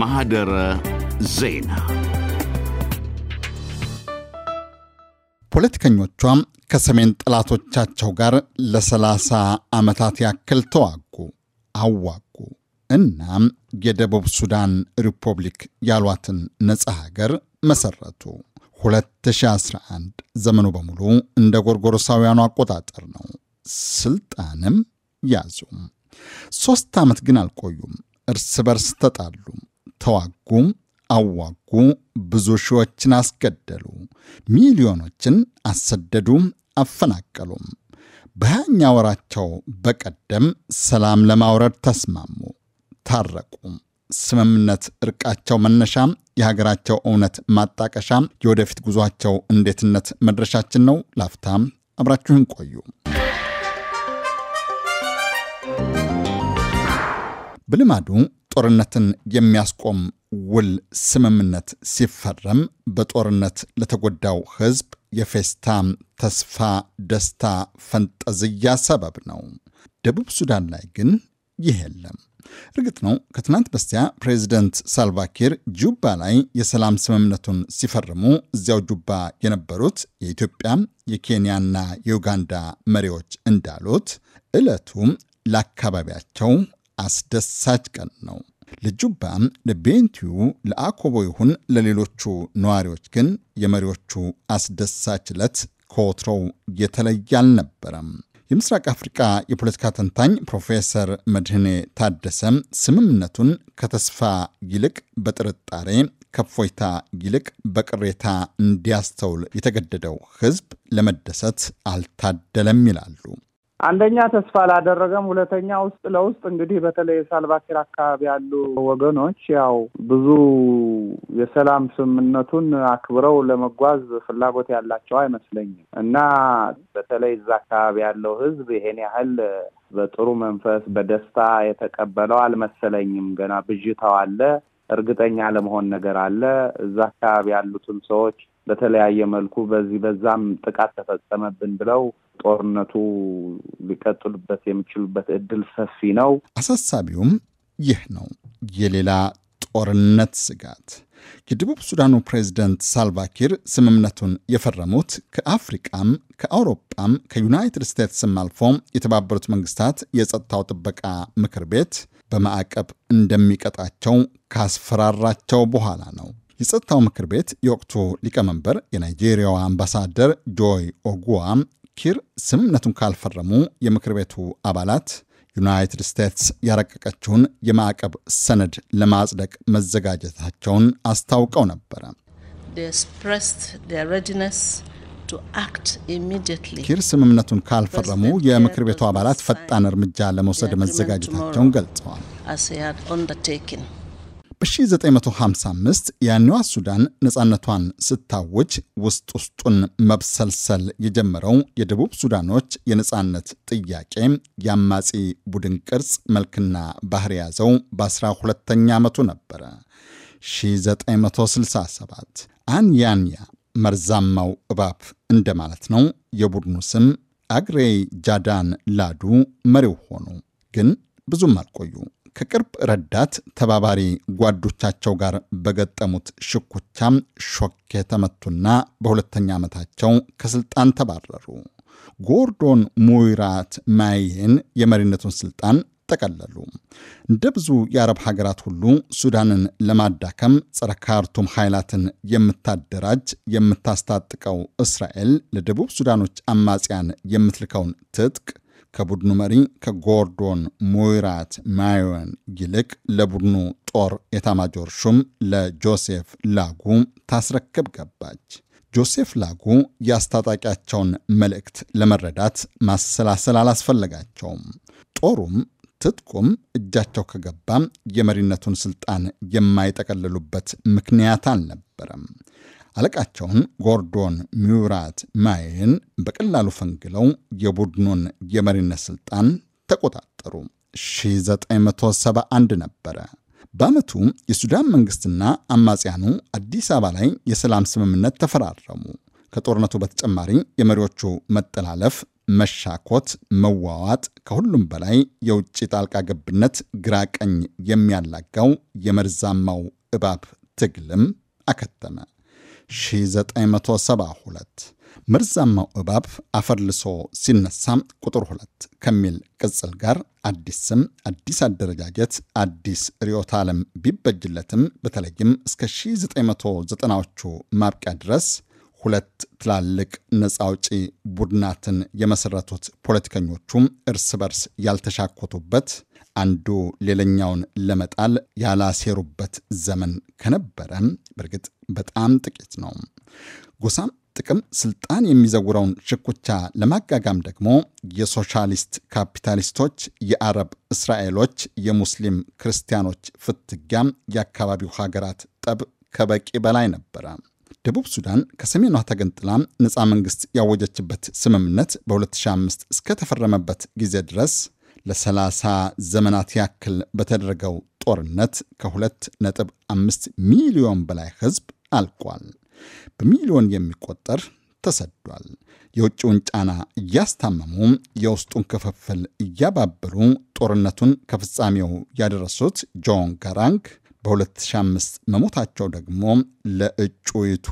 ማህደረ ዜና ፖለቲከኞቿ ከሰሜን ጠላቶቻቸው ጋር ለሰላሳ ዓመታት ያክል ተዋጉ፣ አዋጉ። እናም የደቡብ ሱዳን ሪፑብሊክ ያሏትን ነፃ ሀገር መሰረቱ። 2011 ዘመኑ በሙሉ እንደ ጎርጎሮሳውያኑ አቆጣጠር ነው። ስልጣንም ያዙ። ሦስት ዓመት ግን አልቆዩም። እርስ በርስ ተጣሉ፣ ተዋጉ፣ አዋጉ፣ ብዙ ሺዎችን አስገደሉ፣ ሚሊዮኖችን አሰደዱ፣ አፈናቀሉ በሃያኛ ወራቸው በቀደም ሰላም ለማውረድ ተስማሙ፣ ታረቁ። ስምምነት እርቃቸው መነሻ፣ የሀገራቸው እውነት ማጣቀሻ፣ የወደፊት ጉዟቸው እንዴትነት መድረሻችን ነው። ላፍታም አብራችሁን ቆዩ። በልማዱ ጦርነትን የሚያስቆም ውል ስምምነት ሲፈረም በጦርነት ለተጎዳው ሕዝብ የፌስታ ተስፋ፣ ደስታ ፈንጠዝያ ሰበብ ነው። ደቡብ ሱዳን ላይ ግን ይህ የለም። እርግጥ ነው ከትናንት በስቲያ ፕሬዚደንት ሳልቫኪር ጁባ ላይ የሰላም ስምምነቱን ሲፈርሙ እዚያው ጁባ የነበሩት የኢትዮጵያ የኬንያና የኡጋንዳ መሪዎች እንዳሉት እለቱ ለአካባቢያቸው አስደሳች ቀን ነው። ለጁባ፣ ለቤንቲዩ፣ ለአኮቦ ይሁን ለሌሎቹ ነዋሪዎች ግን የመሪዎቹ አስደሳች ዕለት ከወትሮው የተለየ አልነበረም። የምስራቅ አፍሪቃ የፖለቲካ ተንታኝ ፕሮፌሰር መድህኔ ታደሰ ስምምነቱን ከተስፋ ይልቅ በጥርጣሬ ከፎይታ ይልቅ በቅሬታ እንዲያስተውል የተገደደው ሕዝብ ለመደሰት አልታደለም ይላሉ። አንደኛ ተስፋ አላደረገም። ሁለተኛ ውስጥ ለውስጥ እንግዲህ በተለይ የሳልቫኪር አካባቢ ያሉ ወገኖች ያው ብዙ የሰላም ስምምነቱን አክብረው ለመጓዝ ፍላጎት ያላቸው አይመስለኝም እና በተለይ እዛ አካባቢ ያለው ሕዝብ ይሄን ያህል በጥሩ መንፈስ በደስታ የተቀበለው አልመሰለኝም። ገና ብዥታው አለ። እርግጠኛ ለመሆን ነገር አለ። እዛ አካባቢ ያሉትም ሰዎች በተለያየ መልኩ በዚህ በዛም ጥቃት ተፈጸመብን ብለው ጦርነቱ ሊቀጥሉበት የሚችሉበት እድል ሰፊ ነው። አሳሳቢውም ይህ ነው፣ የሌላ ጦርነት ስጋት። የደቡብ ሱዳኑ ፕሬዚደንት ሳልቫኪር ስምምነቱን የፈረሙት ከአፍሪቃም ከአውሮጳም ከዩናይትድ ስቴትስም አልፎም የተባበሩት መንግስታት የጸጥታው ጥበቃ ምክር ቤት በማዕቀብ እንደሚቀጣቸው ካስፈራራቸው በኋላ ነው። የጸጥታው ምክር ቤት የወቅቱ ሊቀመንበር የናይጄሪያው አምባሳደር ጆይ ኦጉዋ ኪር ስምምነቱን ካልፈረሙ የምክር ቤቱ አባላት ዩናይትድ ስቴትስ ያረቀቀችውን የማዕቀብ ሰነድ ለማጽደቅ መዘጋጀታቸውን አስታውቀው ነበረ። ኪር ስምምነቱን ካልፈረሙ የምክር ቤቱ አባላት ፈጣን እርምጃ ለመውሰድ መዘጋጀታቸውን ገልጸዋል። በ1955 ያኔዋ ሱዳን ነፃነቷን ስታውጅ ውስጥ ውስጡን መብሰልሰል የጀመረው የደቡብ ሱዳኖች የነፃነት ጥያቄ የአማጺ ቡድን ቅርጽ መልክና ባህር የያዘው በ 12 ዓመቱ ነበረ። 967 አንያንያ መርዛማው እባብ እንደማለት ነው። የቡድኑ ስም አግሬ ጃዳን ላዱ መሪው ሆኑ፣ ግን ብዙም አልቆዩ። ከቅርብ ረዳት ተባባሪ ጓዶቻቸው ጋር በገጠሙት ሽኩቻም ሾክ የተመቱና በሁለተኛ ዓመታቸው ከስልጣን ተባረሩ። ጎርዶን ሙይራት ማይን የመሪነቱን ስልጣን ጠቀለሉ። እንደ ብዙ የአረብ ሀገራት ሁሉ ሱዳንን ለማዳከም ጸረ ካርቱም ኃይላትን የምታደራጅ የምታስታጥቀው እስራኤል ለደቡብ ሱዳኖች አማጽያን የምትልከውን ትጥቅ ከቡድኑ መሪ ከጎርዶን ሙይራት ማዮን ይልቅ ለቡድኑ ጦር ኤታማጆር ሹም ለጆሴፍ ላጉ ታስረክብ ገባች። ጆሴፍ ላጉ የአስታጣቂያቸውን መልእክት ለመረዳት ማሰላሰል አላስፈለጋቸውም። ጦሩም ትጥቁም እጃቸው ከገባ የመሪነቱን ስልጣን የማይጠቀልሉበት ምክንያት አልነበረም። አለቃቸውን ጎርዶን ሚውራት ማይን በቀላሉ ፈንግለው የቡድኑን የመሪነት ስልጣን ተቆጣጠሩ። 1971 ነበረ። በዓመቱ የሱዳን መንግስትና አማጽያኑ አዲስ አበባ ላይ የሰላም ስምምነት ተፈራረሙ። ከጦርነቱ በተጨማሪ የመሪዎቹ መጠላለፍ፣ መሻኮት፣ መዋዋጥ፣ ከሁሉም በላይ የውጭ ጣልቃ ገብነት ግራ ቀኝ የሚያላጋው የመርዛማው እባብ ትግልም አከተመ። 1972 መርዛማው እባብ አፈርልሶ ሲነሳ ቁጥር ሁለት ከሚል ቅጽል ጋር አዲስ ስም፣ አዲስ አደረጃጀት፣ አዲስ ርዕዮተ ዓለም ቢበጅለትም በተለይም እስከ 1990ዎቹ ማብቂያ ድረስ ሁለት ትላልቅ ነፃ አውጪ ቡድናትን የመሰረቱት ፖለቲከኞቹም እርስ በርስ ያልተሻኮቱበት አንዱ ሌላኛውን ለመጣል ያላሴሩበት ዘመን ከነበረ በእርግጥ በጣም ጥቂት ነው። ጎሳም ጥቅም ስልጣን የሚዘውረውን ሽኩቻ ለማጋጋም ደግሞ የሶሻሊስት ካፒታሊስቶች፣ የአረብ እስራኤሎች፣ የሙስሊም ክርስቲያኖች ፍትጊያም የአካባቢው ሀገራት ጠብ ከበቂ በላይ ነበረ። ደቡብ ሱዳን ከሰሜኗ ተገንጥላ ነፃ መንግስት ያወጀችበት ስምምነት በ2005 እስከተፈረመበት ጊዜ ድረስ ለ30 ዘመናት ያክል በተደረገው ጦርነት ከ2.5 ሚሊዮን በላይ ህዝብ። አልቋል። በሚሊዮን የሚቆጠር ተሰዷል። የውጭውን ጫና እያስታመሙ የውስጡን ክፍፍል እያባበሉ ጦርነቱን ከፍጻሜው ያደረሱት ጆን ጋራንግ በ2005 መሞታቸው ደግሞ ለእጩይቱ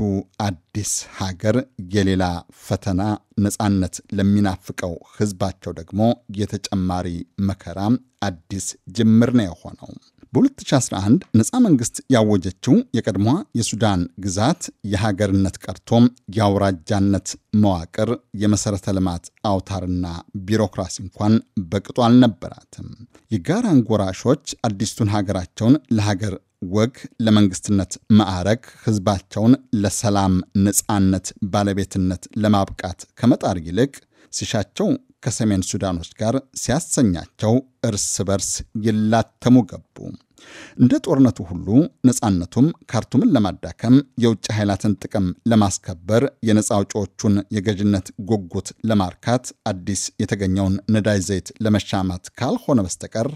አዲስ ሀገር የሌላ ፈተና፣ ነፃነት ለሚናፍቀው ህዝባቸው ደግሞ የተጨማሪ መከራ አዲስ ጅምር ነው የሆነው። በ2011 ነፃ መንግስት ያወጀችው የቀድሟ የሱዳን ግዛት የሀገርነት ቀርቶም የአውራጃነት መዋቅር የመሠረተ ልማት አውታርና ቢሮክራሲ እንኳን በቅጡ አልነበራትም። የጋራ አንጎራሾች አዲስቱን ሀገራቸውን ለሀገር ወግ ለመንግስትነት ማዕረግ ህዝባቸውን ለሰላም ነፃነት ባለቤትነት ለማብቃት ከመጣር ይልቅ ሲሻቸው ከሰሜን ሱዳኖች ጋር ሲያሰኛቸው እርስ በርስ ይላተሙ ገቡ። እንደ ጦርነቱ ሁሉ ነፃነቱም ካርቱምን ለማዳከም የውጭ ኃይላትን ጥቅም ለማስከበር የነፃ አውጪዎቹን የገዥነት ጉጉት ለማርካት አዲስ የተገኘውን ነዳጅ ዘይት ለመሻማት ካልሆነ በስተቀር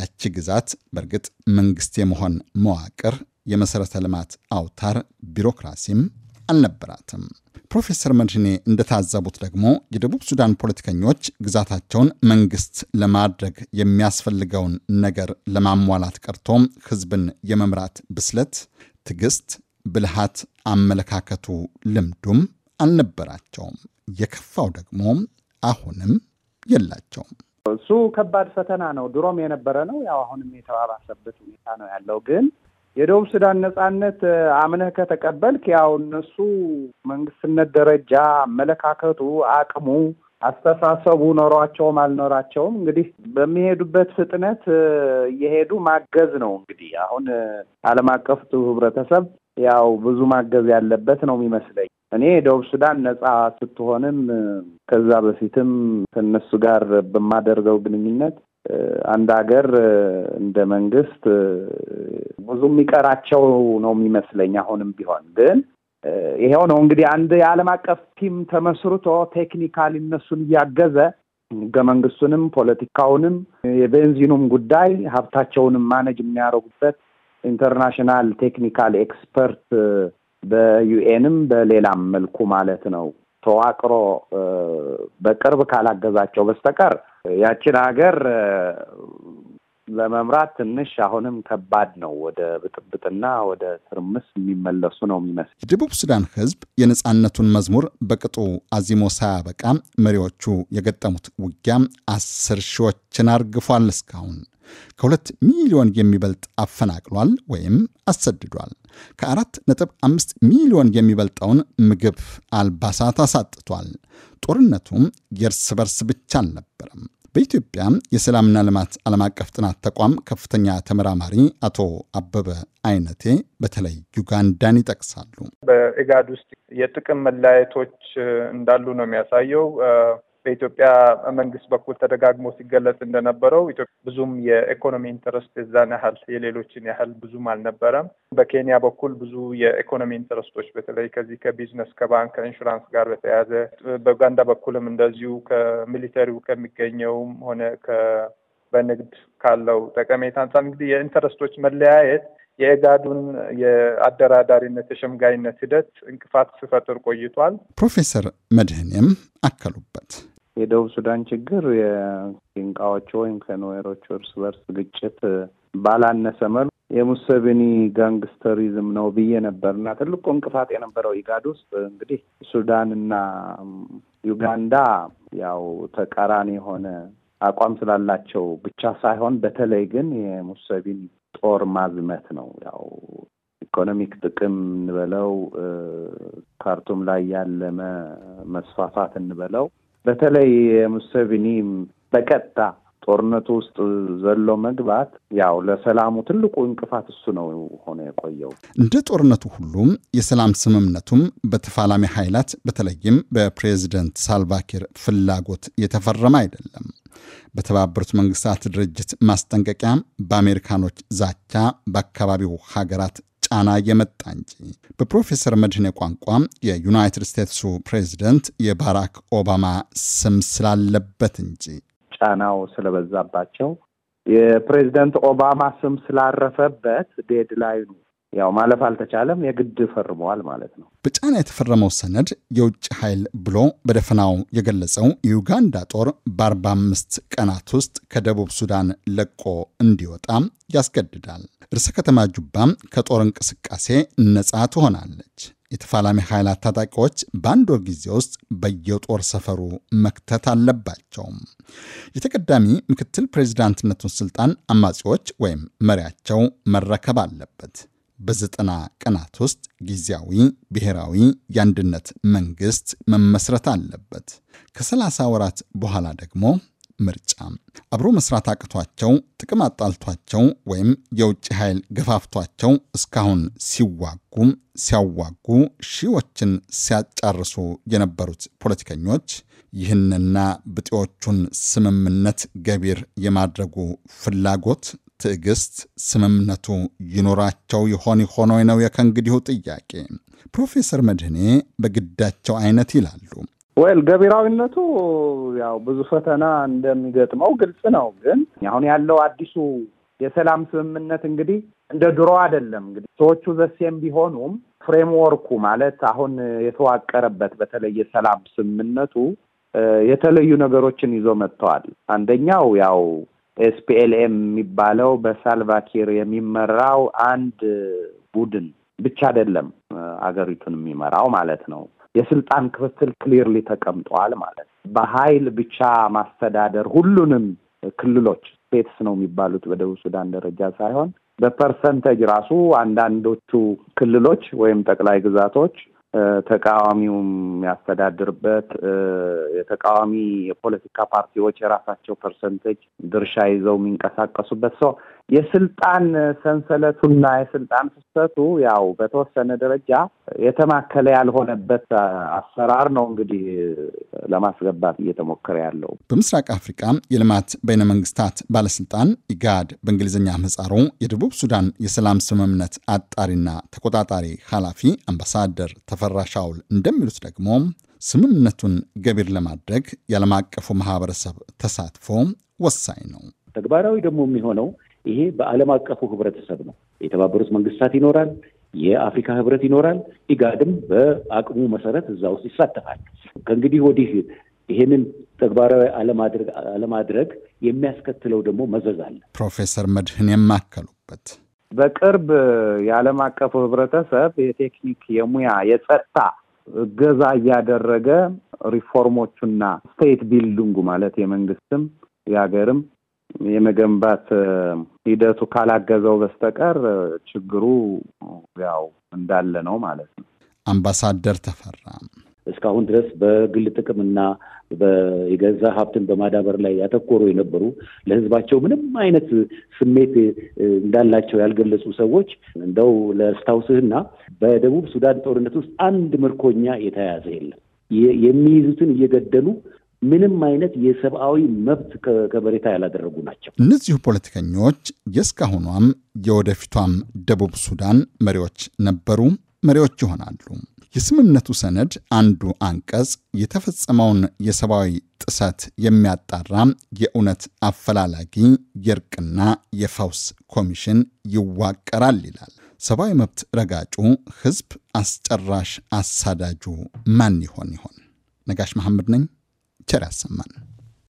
ያቺ ግዛት በእርግጥ መንግስት የመሆን መዋቅር፣ የመሠረተ ልማት አውታር፣ ቢሮክራሲም አልነበራትም። ፕሮፌሰር መድህኔ እንደታዘቡት ደግሞ የደቡብ ሱዳን ፖለቲከኞች ግዛታቸውን መንግስት ለማድረግ የሚያስፈልገውን ነገር ለማሟላት ቀርቶም ህዝብን የመምራት ብስለት፣ ትዕግስት፣ ብልሃት፣ አመለካከቱ፣ ልምዱም አልነበራቸውም። የከፋው ደግሞ አሁንም የላቸውም። እሱ ከባድ ፈተና ነው። ድሮም የነበረ ነው። ያው አሁንም የተባባሰበት ሁኔታ ነው ያለው ግን የደቡብ ሱዳን ነጻነት አምነህ ከተቀበልክ ያው እነሱ መንግስትነት ደረጃ አመለካከቱ፣ አቅሙ፣ አስተሳሰቡ ኖሯቸውም አልኖራቸውም እንግዲህ በሚሄዱበት ፍጥነት እየሄዱ ማገዝ ነው። እንግዲህ አሁን ዓለም አቀፍ ህብረተሰብ ያው ብዙ ማገዝ ያለበት ነው የሚመስለኝ። እኔ የደቡብ ሱዳን ነጻ ስትሆንም ከዛ በፊትም ከእነሱ ጋር በማደርገው ግንኙነት አንድ ሀገር እንደ መንግስት ብዙ የሚቀራቸው ነው የሚመስለኝ። አሁንም ቢሆን ግን ይሄው ነው እንግዲህ አንድ የዓለም አቀፍ ቲም ተመስርቶ ቴክኒካሊ እነሱን እያገዘ ህገ መንግስቱንም ፖለቲካውንም የቤንዚኑም ጉዳይ ሀብታቸውንም ማነጅ የሚያደርጉበት ኢንተርናሽናል ቴክኒካል ኤክስፐርት በዩኤንም በሌላም መልኩ ማለት ነው ተዋቅሮ በቅርብ ካላገዛቸው በስተቀር ያችን ሀገር ለመምራት ትንሽ አሁንም ከባድ ነው። ወደ ብጥብጥና ወደ ትርምስ የሚመለሱ ነው የሚመስል። የደቡብ ሱዳን ሕዝብ የነፃነቱን መዝሙር በቅጡ አዚሞ ሳያበቃ መሪዎቹ የገጠሙት ውጊያ አስር ሺዎችን አርግፏል። እስካሁን ከሁለት ሚሊዮን የሚበልጥ አፈናቅሏል ወይም አሰድዷል። ከአራት ነጥብ አምስት ሚሊዮን የሚበልጠውን ምግብ፣ አልባሳት አሳጥቷል። ጦርነቱም የእርስ በርስ ብቻ አልነበረም። በኢትዮጵያ የሰላምና ልማት ዓለም አቀፍ ጥናት ተቋም ከፍተኛ ተመራማሪ አቶ አበበ አይነቴ በተለይ ዩጋንዳን ይጠቅሳሉ። በኢጋድ ውስጥ የጥቅም መለያየቶች እንዳሉ ነው የሚያሳየው። በኢትዮጵያ መንግስት በኩል ተደጋግሞ ሲገለጽ እንደነበረው ብዙም የኢኮኖሚ ኢንተረስት የዛን ያህል የሌሎችን ያህል ብዙም አልነበረም። በኬንያ በኩል ብዙ የኢኮኖሚ ኢንተረስቶች በተለይ ከዚህ ከቢዝነስ ከባንክ፣ ከኢንሹራንስ ጋር በተያያዘ በኡጋንዳ በኩልም እንደዚሁ ከሚሊተሪው ከሚገኘውም ሆነ በንግድ ካለው ጠቀሜታ አንጻር እንግዲህ የኢንተረስቶች መለያየት የኤጋዱን የአደራዳሪነት የሸምጋይነት ሂደት እንቅፋት ሲፈጥር ቆይቷል። ፕሮፌሰር መድህንም አከሉበት። የደቡብ ሱዳን ችግር የንቃዎቹ ወይም ከኑዌሮቹ እርስ በርስ ግጭት ባላነሰ መልኩ የሙሰቢኒ ጋንግስተሪዝም ነው ብዬ ነበር እና ትልቁ እንቅፋት የነበረው ኢጋድ ውስጥ እንግዲህ እና ዩጋንዳ ያው ተቃራኒ የሆነ አቋም ስላላቸው ብቻ ሳይሆን በተለይ ግን የሙሰቢኒ ጦር ማዝመት ነው። ያው ኢኮኖሚክ ጥቅም እንበለው ካርቱም ላይ ያለመ መስፋፋት እንበለው በተለይ ሙሴቪኒም በቀጥታ ጦርነቱ ውስጥ ዘሎ መግባት ያው ለሰላሙ ትልቁ እንቅፋት እሱ ነው ሆነ የቆየው። እንደ ጦርነቱ ሁሉም የሰላም ስምምነቱም በተፋላሚ ኃይላት በተለይም በፕሬዚደንት ሳልቫኪር ፍላጎት የተፈረመ አይደለም። በተባበሩት መንግስታት ድርጅት ማስጠንቀቂያ፣ በአሜሪካኖች ዛቻ፣ በአካባቢው ሀገራት ጫና የመጣ እንጂ። በፕሮፌሰር መድህኔ ቋንቋ የዩናይትድ ስቴትሱ ፕሬዚደንት የባራክ ኦባማ ስም ስላለበት እንጂ ጫናው ስለበዛባቸው የፕሬዚደንት ኦባማ ስም ስላረፈበት ዴድላይኑ ያው ማለፍ አልተቻለም፣ የግድ ፈርመዋል ማለት ነው። በጫና የተፈረመው ሰነድ የውጭ ኃይል ብሎ በደፈናው የገለጸው የዩጋንዳ ጦር በ45 ቀናት ውስጥ ከደቡብ ሱዳን ለቆ እንዲወጣ ያስገድዳል። እርሰ ከተማ ጁባም ከጦር እንቅስቃሴ ነፃ ትሆናለች። የተፋላሚ ኃይላት ታጣቂዎች በአንድ ወር ጊዜ ውስጥ በየጦር ሰፈሩ መክተት አለባቸውም። የተቀዳሚ ምክትል ፕሬዚዳንትነቱን ስልጣን አማጺዎች ወይም መሪያቸው መረከብ አለበት። በዘጠና ቀናት ውስጥ ጊዜያዊ ብሔራዊ የአንድነት መንግስት መመስረት አለበት። ከሰላሳ ወራት በኋላ ደግሞ ምርጫ። አብሮ መስራት አቅቷቸው፣ ጥቅም አጣልቷቸው ወይም የውጭ ኃይል ገፋፍቷቸው እስካሁን ሲዋጉ ሲያዋጉ ሺዎችን ሲያጫርሱ የነበሩት ፖለቲከኞች ይህንና ብጤዎቹን ስምምነት ገቢር የማድረጉ ፍላጎት ትዕግስት፣ ስምምነቱ ይኖራቸው ይሆን ይሆኖ ነው የከእንግዲሁ ጥያቄ። ፕሮፌሰር መድህኔ በግዳቸው አይነት ይላሉ። ወይል ገቢራዊነቱ ያው ብዙ ፈተና እንደሚገጥመው ግልጽ ነው። ግን አሁን ያለው አዲሱ የሰላም ስምምነት እንግዲህ እንደ ድሮ አይደለም። እንግዲህ ሰዎቹ ዘሴም ቢሆኑም ፍሬምወርኩ ማለት አሁን የተዋቀረበት በተለይ የሰላም ስምምነቱ የተለዩ ነገሮችን ይዞ መጥተዋል። አንደኛው ያው ኤስፒኤልኤም የሚባለው በሳልቫኪር የሚመራው አንድ ቡድን ብቻ አይደለም አገሪቱን የሚመራው ማለት ነው። የስልጣን ክፍፍል ክሊርሊ ተቀምጧል ማለት ነው። በኃይል ብቻ ማስተዳደር ሁሉንም ክልሎች ስቴትስ ነው የሚባሉት በደቡብ ሱዳን ደረጃ ሳይሆን በፐርሰንተጅ ራሱ አንዳንዶቹ ክልሎች ወይም ጠቅላይ ግዛቶች ተቃዋሚውም የሚያስተዳድርበት የተቃዋሚ የፖለቲካ ፓርቲዎች የራሳቸው ፐርሰንቴጅ ድርሻ ይዘው የሚንቀሳቀሱበት ሰው የስልጣን ሰንሰለቱና የስልጣን ፍሰቱ ያው በተወሰነ ደረጃ የተማከለ ያልሆነበት አሰራር ነው እንግዲህ ለማስገባት እየተሞከረ ያለው። በምስራቅ አፍሪካ የልማት በይነ መንግስታት ባለስልጣን ኢጋድ በእንግሊዝኛ ምህጻሩ የደቡብ ሱዳን የሰላም ስምምነት አጣሪና ተቆጣጣሪ ኃላፊ አምባሳደር ተፈራ ሻውል እንደሚሉት ደግሞ ስምምነቱን ገቢር ለማድረግ የዓለም አቀፉ ማህበረሰብ ተሳትፎ ወሳኝ ነው። ተግባራዊ ደግሞ የሚሆነው ይሄ በዓለም አቀፉ ህብረተሰብ ነው። የተባበሩት መንግስታት ይኖራል፣ የአፍሪካ ህብረት ይኖራል፣ ኢጋድም በአቅሙ መሰረት እዛ ውስጥ ይሳተፋል። ከእንግዲህ ወዲህ ይሄንን ተግባራዊ አለማድረግ የሚያስከትለው ደግሞ መዘዝ አለ። ፕሮፌሰር መድህን የማከሉበት በቅርብ የዓለም አቀፉ ህብረተሰብ የቴክኒክ የሙያ የጸጥታ እገዛ እያደረገ ሪፎርሞቹና ስቴት ቢልዲንጉ ማለት የመንግስትም የሀገርም የመገንባት ሂደቱ ካላገዘው በስተቀር ችግሩ ያው እንዳለ ነው ማለት ነው። አምባሳደር ተፈራ እስካሁን ድረስ በግል ጥቅምና የገዛ ሀብትን በማዳበር ላይ ያተኮሩ የነበሩ ለሕዝባቸው ምንም አይነት ስሜት እንዳላቸው ያልገለጹ ሰዎች እንደው ለስታውስህና በደቡብ ሱዳን ጦርነት ውስጥ አንድ ምርኮኛ የተያያዘ የለም። የሚይዙትን እየገደሉ ምንም አይነት የሰብአዊ መብት ከበሬታ ያላደረጉ ናቸው። እነዚሁ ፖለቲከኞች የእስካሁኗም የወደፊቷም ደቡብ ሱዳን መሪዎች ነበሩ፣ መሪዎች ይሆናሉ። የስምምነቱ ሰነድ አንዱ አንቀጽ የተፈጸመውን የሰብአዊ ጥሰት የሚያጣራ የእውነት አፈላላጊ የእርቅና የፈውስ ኮሚሽን ይዋቀራል ይላል። ሰብአዊ መብት ረጋጩ፣ ሕዝብ አስጨራሽ አሳዳጁ ማን ይሆን ይሆን? ነጋሽ መሐመድ ነኝ። Ceresemmel.